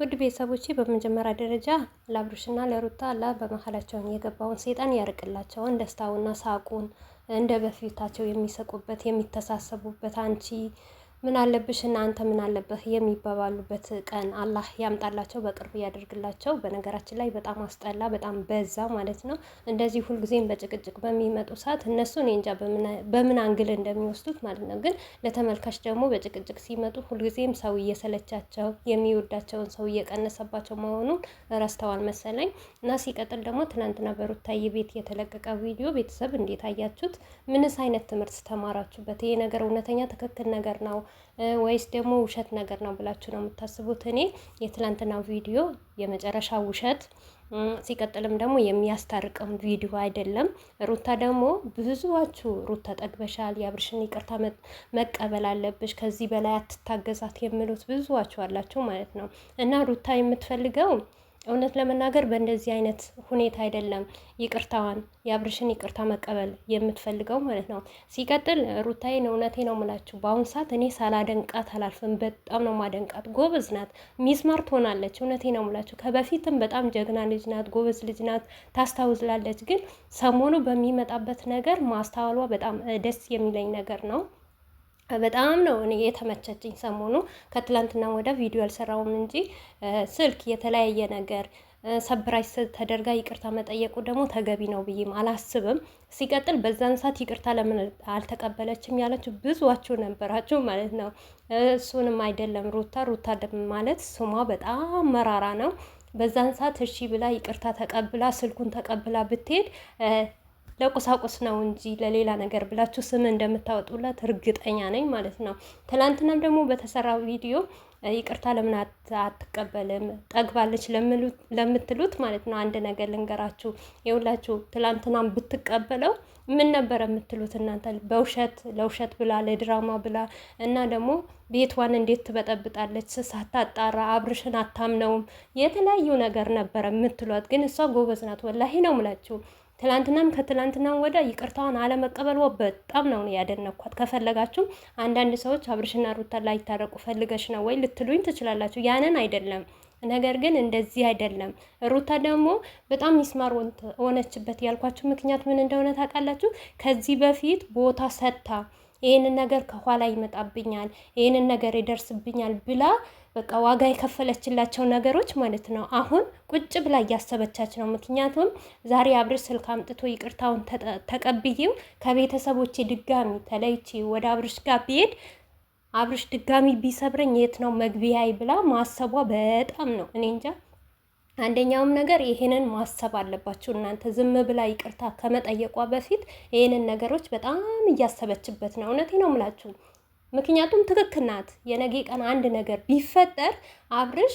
ውድ ቤተሰቦቼ በመጀመሪያ ደረጃ ለአብሩሽና ለሩታ አላ በመሀላቸውን የገባውን ሴጣን ያርቅላቸውን፣ ደስታውና ሳቁን እንደ በፊታቸው የሚሰቁበት የሚተሳሰቡበት አንቺ ምን አለብሽ እና አንተ ምን አለብህ የሚባባሉበት ቀን አላህ ያምጣላቸው፣ በቅርብ ያደርግላቸው። በነገራችን ላይ በጣም አስጠላ፣ በጣም በዛ ማለት ነው። እንደዚህ ሁልጊዜም በጭቅጭቅ በሚመጡ ሰዓት እነሱ እኔ እንጃ በምን አንግል እንደሚወስዱት ማለት ነው። ግን ለተመልካች ደግሞ በጭቅጭቅ ሲመጡ ሁልጊዜም ሰው እየሰለቻቸው የሚወዳቸውን ሰው እየቀነሰባቸው መሆኑን ረስተዋል መሰለኝ እና ሲቀጥል ደግሞ ትናንትና በሩታዬ ቤት የተለቀቀ ቪዲዮ ቤተሰብ እንዴት አያችሁት? ምንስ አይነት ትምህርት ተማራችሁበት? ይሄ ነገር እውነተኛ ትክክል ነገር ነው ወይስ ደግሞ ውሸት ነገር ነው ብላችሁ ነው የምታስቡት? እኔ የትላንትናው ቪዲዮ የመጨረሻ ውሸት ሲቀጥልም ደግሞ የሚያስታርቅም ቪዲዮ አይደለም። ሩታ ደግሞ ብዙዋችሁ ሩታ ጠግበሻል፣ የአብርሽን ይቅርታ መቀበል አለብሽ፣ ከዚህ በላይ አትታገዛት የምሉት ብዙዋችሁ አላችሁ ማለት ነው እና ሩታ የምትፈልገው እውነት ለመናገር በእንደዚህ አይነት ሁኔታ አይደለም ይቅርታዋን የአብርሽን ይቅርታ መቀበል የምትፈልገው ማለት ነው። ሲቀጥል ሩታዬን እውነቴ ነው ምላችሁ በአሁን ሰዓት እኔ ሳላደንቃት አላልፍም። በጣም ነው ማደንቃት። ጎበዝ ናት፣ ሚስማር ትሆናለች። እውነቴ ነው ምላችሁ ከበፊትም በጣም ጀግና ልጅ ናት፣ ጎበዝ ልጅ ናት፣ ታስታውዝላለች። ግን ሰሞኑ በሚመጣበት ነገር ማስተዋሏ በጣም ደስ የሚለኝ ነገር ነው። በጣም ነው እኔ የተመቸችኝ። ሰሞኑ ከትላንትና ወደ ቪዲዮ አልሰራውም እንጂ ስልክ የተለያየ ነገር ሰብራይስ ተደርጋ ይቅርታ መጠየቁ ደግሞ ተገቢ ነው ብዬም አላስብም። ሲቀጥል በዛን ሰዓት ይቅርታ ለምን አልተቀበለችም ያለችው ብዙዋችሁ ነበራችሁ ማለት ነው። እሱንም አይደለም ሩታ ሩታ ማለት ስሟ በጣም መራራ ነው። በዛን ሰዓት እሺ ብላ ይቅርታ ተቀብላ ስልኩን ተቀብላ ብትሄድ ለቁሳቁስ ነው እንጂ ለሌላ ነገር ብላችሁ ስም እንደምታወጡላት እርግጠኛ ነኝ ማለት ነው። ትላንትናም ደግሞ በተሰራው ቪዲዮ ይቅርታ ለምን አትቀበልም ጠግባለች ለምትሉት ማለት ነው። አንድ ነገር ልንገራችሁ የሁላችሁ ትላንትናም ብትቀበለው ምን ነበር የምትሉት እናንተ? በውሸት ለውሸት ብላ ለድራማ ብላ እና ደግሞ ቤቷን እንዴት ትበጠብጣለች ሳታጣራ አብርሽን አታምነውም የተለያዩ ነገር ነበረ የምትሏት። ግን እሷ ጎበዝ ናት፣ ወላሂ ነው ምላችሁ ትላንትናም ከትላንትናም ወደ ይቅርታዋን አለመቀበል በጣም ነው ያደነኳት። ከፈለጋችሁ አንዳንድ ሰዎች አብርሽና ሩታ ላይታረቁ ፈልገሽ ነው ወይ ልትሉኝ ትችላላችሁ። ያንን አይደለም ነገር ግን እንደዚህ አይደለም። ሩታ ደግሞ በጣም ሚስማር ሆነችበት ያልኳችሁ ምክንያት ምን እንደሆነ ታውቃላችሁ? ከዚህ በፊት ቦታ ሰጥታ ይህንን ነገር ከኋላ ይመጣብኛል፣ ይህንን ነገር ይደርስብኛል ብላ በቃ ዋጋ የከፈለችላቸው ነገሮች ማለት ነው። አሁን ቁጭ ብላ እያሰበቻች ነው። ምክንያቱም ዛሬ አብርሽ ስልክ አምጥቶ ይቅርታውን ተቀብዬው ከቤተሰቦቼ ድጋሚ ተለይቼ ወደ አብርሽ ጋር ብሄድ አብርሽ ድጋሚ ቢሰብረኝ የት ነው መግቢያይ ብላ ማሰቧ በጣም ነው። እኔ እንጃ። አንደኛውም ነገር ይሄንን ማሰብ አለባችሁ እናንተ። ዝም ብላ ይቅርታ ከመጠየቋ በፊት ይሄንን ነገሮች በጣም እያሰበችበት ነው። እውነቴ ነው የምላችሁ። ምክንያቱም ትክክል ናት። የነገ ቀን አንድ ነገር ቢፈጠር አብርሽ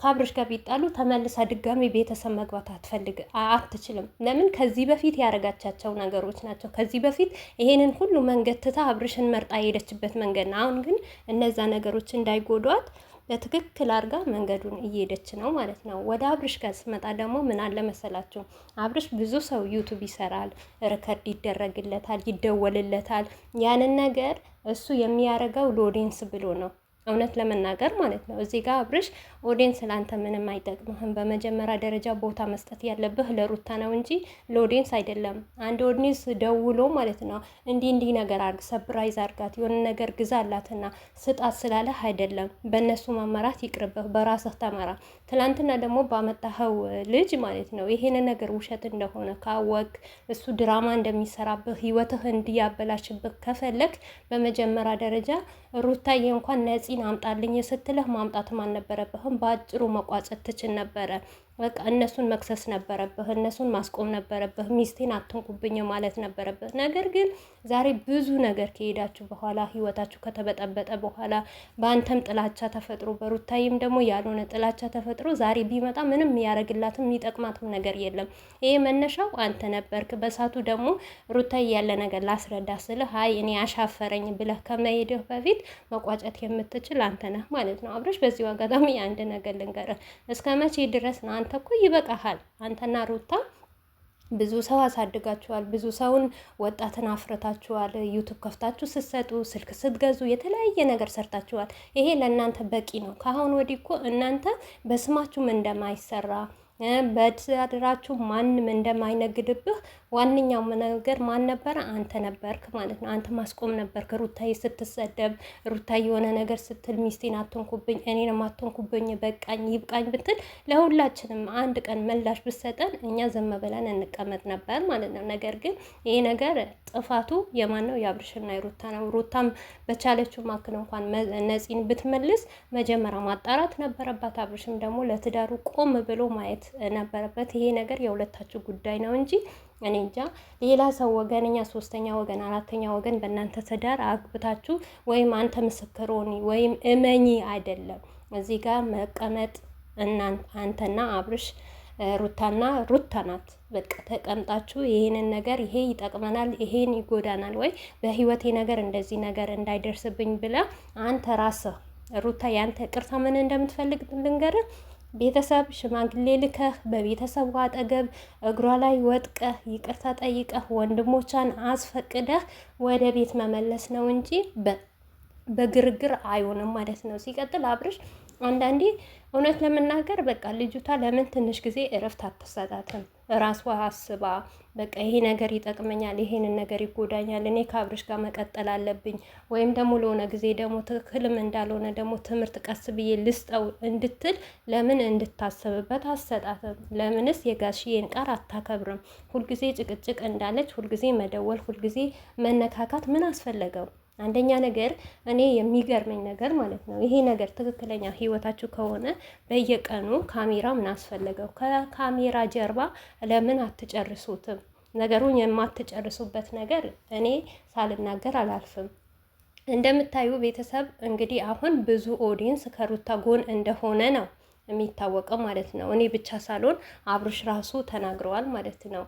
ከአብርሽ ጋር ቢጣሉ ተመልሳ ድጋሚ ቤተሰብ መግባት አትፈልግ አትችልም። ለምን ከዚህ በፊት ያደረጋቻቸው ነገሮች ናቸው። ከዚህ በፊት ይሄንን ሁሉ መንገድ ትታ አብርሽን መርጣ የሄደችበት መንገድ ነው። አሁን ግን እነዛ ነገሮች እንዳይጎዷት በትክክል አድርጋ መንገዱን እየሄደች ነው ማለት ነው። ወደ አብርሽ ጋር ስመጣ ደግሞ ምን አለ መሰላችሁ፣ አብርሽ ብዙ ሰው ዩቱብ ይሰራል፣ ሪከርድ ይደረግለታል፣ ይደወልለታል። ያንን ነገር እሱ የሚያደርገው ሎዴንስ ብሎ ነው። እውነት ለመናገር ማለት ነው። እዚህ ጋር አብርሽ ኦዲንስ ለአንተ ምንም አይጠቅምህም። በመጀመሪያ ደረጃ ቦታ መስጠት ያለብህ ለሩታ ነው እንጂ ለኦዲንስ አይደለም። አንድ ኦዲንስ ደውሎ ማለት ነው እንዲህ እንዲህ ነገር አርግ፣ ሰብራይዝ አርጋት፣ የሆነ ነገር ግዛ አላትና ስጣት ስላለህ አይደለም። በእነሱ መመራት ይቅርብህ፣ በራስህ ተመራ። ትላንትና ደግሞ ባመጣኸው ልጅ ማለት ነው ይሄን ነገር ውሸት እንደሆነ ካወቅ እሱ ድራማ እንደሚሰራብህ ህይወትህ እንዲያበላሽብህ ከፈለግ በመጀመሪያ ደረጃ ሩታዬ እንኳን ነፂ አምጣልኝ ስትልህ ማምጣትም አልነበረብህም። በአጭሩ መቋጨት ትችል ነበረ። በቃ እነሱን መክሰስ ነበረብህ፣ እነሱን ማስቆም ነበረብህ፣ ሚስቴን አትንኩብኝ ማለት ነበረብህ። ነገር ግን ዛሬ ብዙ ነገር ከሄዳችሁ በኋላ ህይወታችሁ ከተበጠበጠ በኋላ በአንተም ጥላቻ ተፈጥሮ በሩታይም ደግሞ ያልሆነ ጥላቻ ተፈጥሮ ዛሬ ቢመጣ ምንም የሚያደርግላትም የሚጠቅማትም ነገር የለም። ይሄ መነሻው አንተ ነበርክ። በሳቱ ደግሞ ሩታይ ያለ ነገር ላስረዳ ስልህ አይ እኔ አሻፈረኝ ብለህ ከመሄድህ በፊት መቋጨት የምትችል አንተ ነህ ማለት ነው። አብረሽ በዚሁ አጋጣሚ አንድ ነገር ልንገርህ። እስከ መቼ ድረስ ነው አንተ እኮ ይበቃሃል። አንተና ሩታ ብዙ ሰው አሳድጋችኋል። ብዙ ሰውን ወጣትን አፍረታችኋል። ዩቱብ ከፍታችሁ ስትሰጡ፣ ስልክ ስትገዙ፣ የተለያየ ነገር ሰርታችኋል። ይሄ ለእናንተ በቂ ነው። ከአሁን ወዲህ እኮ እናንተ በስማችሁም እንደማይሰራ በተዳድራችሁ ማንም እንደማይነግድብህ ዋነኛው ነገር ማን ነበረ? አንተ ነበርክ ማለት ነው። አንተ ማስቆም ነበርክ። ሩታዬ ስትሰደብ፣ ሩታዬ የሆነ ነገር ስትል ሚስቴን አትንኩብኝ፣ እኔንም አትንኩብኝ፣ በቃኝ፣ ይብቃኝ ብትል ለሁላችንም አንድ ቀን ምላሽ ብሰጠን እኛ ዘመበላን እንቀመጥ ነበር ማለት ነው። ነገር ግን ይሄ ነገር ጥፋቱ የማን ነው? የአብርሽና የሩታ ነው። ሩታም በቻለችው ማክን እንኳን ነፂን ብትመልስ መጀመሪያ ማጣራት ነበረባት። አብርሽም ደግሞ ለትዳሩ ቆም ብሎ ማየት ነበረበት። ይሄ ነገር የሁለታችሁ ጉዳይ ነው እንጂ እኔ እንጃ ሌላ ሰው ወገን፣ እኛ ሶስተኛ ወገን፣ አራተኛ ወገን በእናንተ ትዳር አግብታችሁ ወይም አንተ ምስክር ሆኒ ወይም እመኚ አይደለም እዚህ ጋር መቀመጥ እናንተ አንተና አብርሽ ሩታና ሩታ ናት። በቃ ተቀምጣችሁ ይህንን ነገር ይሄ ይጠቅመናል፣ ይሄን ይጎዳናል፣ ወይ በህይወቴ ነገር እንደዚህ ነገር እንዳይደርስብኝ ብለ አንተ ራስህ ሩታ ያንተ ቅርታ ምን እንደምትፈልግ ልንገር። ቤተሰብ ሽማግሌ ልከህ በቤተሰቡ አጠገብ እግሯ ላይ ወጥቀህ ይቅርታ ጠይቀህ ወንድሞቿን አስፈቅደህ ወደ ቤት መመለስ ነው እንጂ በግርግር አይሆንም ማለት ነው። ሲቀጥል አብርሽ አንዳንዴ እውነት ለመናገር በቃ ልጅቷ ለምን ትንሽ ጊዜ እረፍት አትሰጣትም? ራሷ አስባ በቃ ይሄ ነገር ይጠቅመኛል፣ ይሄንን ነገር ይጎዳኛል፣ እኔ ከአብርሽ ጋር መቀጠል አለብኝ ወይም ደግሞ ለሆነ ጊዜ ደግሞ ትክክልም እንዳልሆነ ደግሞ ትምህርት ቀስ ብዬ ልስጠው እንድትል ለምን እንድታሰብበት አሰጣትም? ለምንስ የጋሽዬን ቃል አታከብርም? ሁልጊዜ ጭቅጭቅ እንዳለች ሁልጊዜ መደወል፣ ሁልጊዜ መነካካት ምን አስፈለገው? አንደኛ ነገር እኔ የሚገርመኝ ነገር ማለት ነው ይሄ ነገር ትክክለኛ ህይወታችሁ ከሆነ በየቀኑ ካሜራ ምን አስፈለገው? ከካሜራ ጀርባ ለምን አትጨርሱትም? ነገሩን የማትጨርሱበት ነገር እኔ ሳልናገር አላልፍም። እንደምታዩ ቤተሰብ እንግዲህ አሁን ብዙ ኦዲየንስ ከሩታ ጎን እንደሆነ ነው የሚታወቀው ማለት ነው። እኔ ብቻ ሳልሆን አብርሽ ራሱ ተናግረዋል ማለት ነው።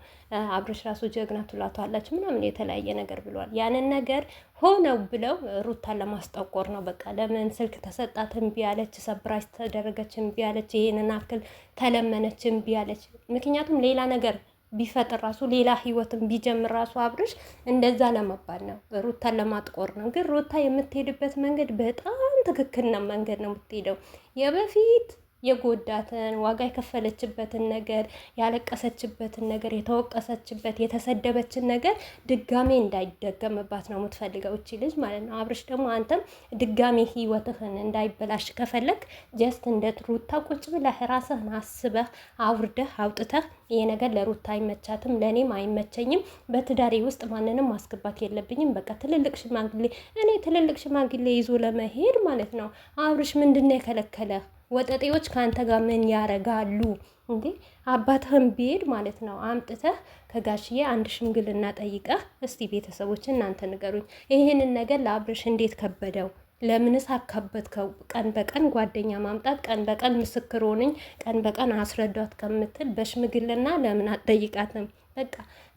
አብርሽ ራሱ ጀግና ትላቷላችሁ ምናምን የተለያየ ነገር ብለዋል። ያንን ነገር ሆነው ብለው ሩታን ለማስጠቆር ነው። በቃ ለምን ስልክ ተሰጣት እምቢ አለች፣ ሰብራች ተደረገች እምቢ አለች፣ አክል ተለመነች እምቢ አለች። ምክንያቱም ሌላ ነገር ቢፈጥር ራሱ ሌላ ህይወትን ቢጀምር ራሱ አብርሽ እንደዛ ለመባል ነው፣ ሩታን ለማጥቆር ነው። ግን ሩታ የምትሄድበት መንገድ በጣም ትክክል ነው መንገድ ነው የምትሄደው የበፊት የጎዳትን ዋጋ የከፈለችበትን ነገር ያለቀሰችበትን ነገር የተወቀሰችበት የተሰደበችን ነገር ድጋሜ እንዳይደገምባት ነው የምትፈልገው እቺ ልጅ ማለት ነው። አብርሽ ደግሞ አንተም ድጋሜ ህይወትህን እንዳይበላሽ ከፈለግ ጀስት እንደ ሩታ ቁጭ ብለህ ራስህን አስበህ አውርደህ አውጥተህ ይሄ ነገር ለሩታ አይመቻትም፣ ለእኔም አይመቸኝም፣ በትዳሬ ውስጥ ማንንም ማስገባት የለብኝም። በቃ ትልልቅ ሽማግሌ እኔ ትልልቅ ሽማግሌ ይዞ ለመሄድ ማለት ነው። አብርሽ ምንድን ነው የከለከለህ? ወጠጤዎች ከአንተ ጋር ምን ያረጋሉ? እንዴ አባትህን ቢሄድ ማለት ነው አምጥተህ ከጋሽዬ አንድ ሽምግልና ጠይቀህ እስቲ ቤተሰቦች እናንተ ንገሩኝ፣ ይህንን ነገር ለአብርሽ እንዴት ከበደው? ለምንስ አካበድከው? ቀን በቀን ጓደኛ ማምጣት፣ ቀን በቀን ምስክር ሆነኝ፣ ቀን በቀን አስረዷት ከምትል በሽምግልና ለምን አትጠይቃትም? በቃ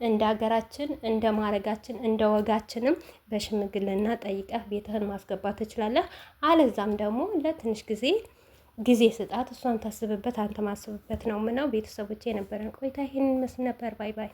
እንደ ሀገራችን እንደ ማረጋችን እንደ ወጋችንም በሽምግልና ጠይቀህ ቤትህን ማስገባት ትችላለህ። አለዛም ደግሞ ለትንሽ ጊዜ ጊዜ ስጣት፣ እሷን ታስብበት፣ አንተ ማስብበት ነው ምነው። ቤተሰቦች የነበረን ቆይታ ይህን መስል ነበር። ባይ ባይ።